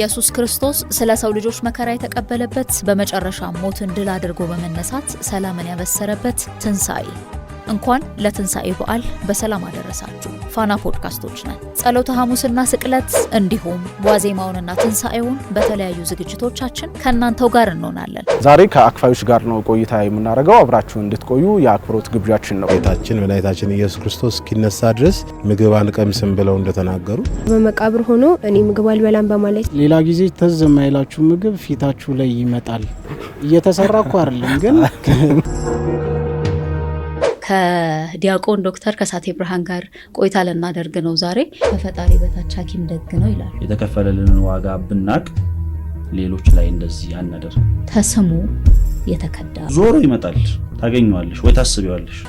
ኢየሱስ ክርስቶስ ስለ ሰው ልጆች መከራ የተቀበለበት በመጨረሻ ሞትን ድል አድርጎ በመነሳት ሰላምን ያበሰረበት ትንሣኤ እንኳን ለትንሣኤ በዓል በሰላም አደረሳችሁ። ፋና ፖድካስቶች ነን። ጸሎተ ሐሙስና ስቅለት እንዲሁም ዋዜማውንና ትንሣኤውን በተለያዩ ዝግጅቶቻችን ከእናንተው ጋር እንሆናለን። ዛሬ ከአክፋዮች ጋር ነው ቆይታ የምናደርገው። አብራችሁ እንድትቆዩ የአክብሮት ግብዣችን ነው። ጌታችን መድኃኒታችን ኢየሱስ ክርስቶስ እስኪነሳ ድረስ ምግብ አንቀምስም ብለው እንደተናገሩ በመቃብር ሆኖ እኔ ምግብ አልበላም በማለት ሌላ ጊዜ ትዝ የማይላችሁ ምግብ ፊታችሁ ላይ ይመጣል። እየተሰራ እኮ አይደለም ግን ከዲያቆን ዶክተር ከሳቴ ብርሃን ጋር ቆይታ ልናደርግ ነው ዛሬ። ከፈጣሪ በታች ሐኪም ደግ ነው ይላል። የተከፈለልን ዋጋ ብናቅ ሌሎች ላይ እንደዚህ አናደር። ተስሙ የተከዳ ዞሮ ይመጣል። ታገኘዋለሽ ወይ ታስቢዋለሽ።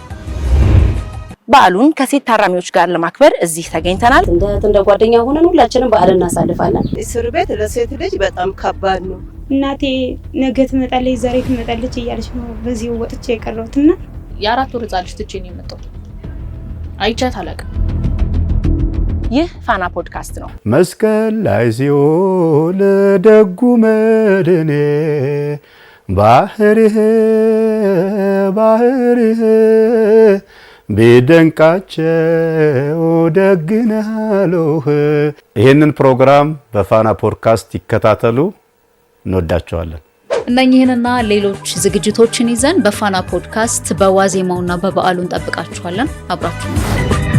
በዓሉን ከሴት ታራሚዎች ጋር ለማክበር እዚህ ተገኝተናል። እንደ እንደ ጓደኛ ሆነን ሁላችንም በዓል እናሳልፋለን። እስር ቤት ለሴት ልጅ በጣም ከባድ ነው። እናቴ ነገ ትመጣለች፣ ዛሬ ትመጣለች እያለች ነው በዚህ ወጥቼ የቀረሁት እና የአራት ወር ህፃን ልጅ ትቼ ነው የመጣሁት። አይቻት አላውቅም። ይህ ፋና ፖድካስት ነው። መስቀል ላይ ሲውል ደጉ መድኔ ባህርህ ባህርህ ቢደንቃቸው ደግናለህ። ይህንን ፕሮግራም በፋና ፖድካስት ይከታተሉ። እንወዳቸዋለን። እነኚህንና ሌሎች ዝግጅቶችን ይዘን በፋና ፖድካስት በዋዜማውና በበዓሉ እንጠብቃችኋለን። አብራችሁ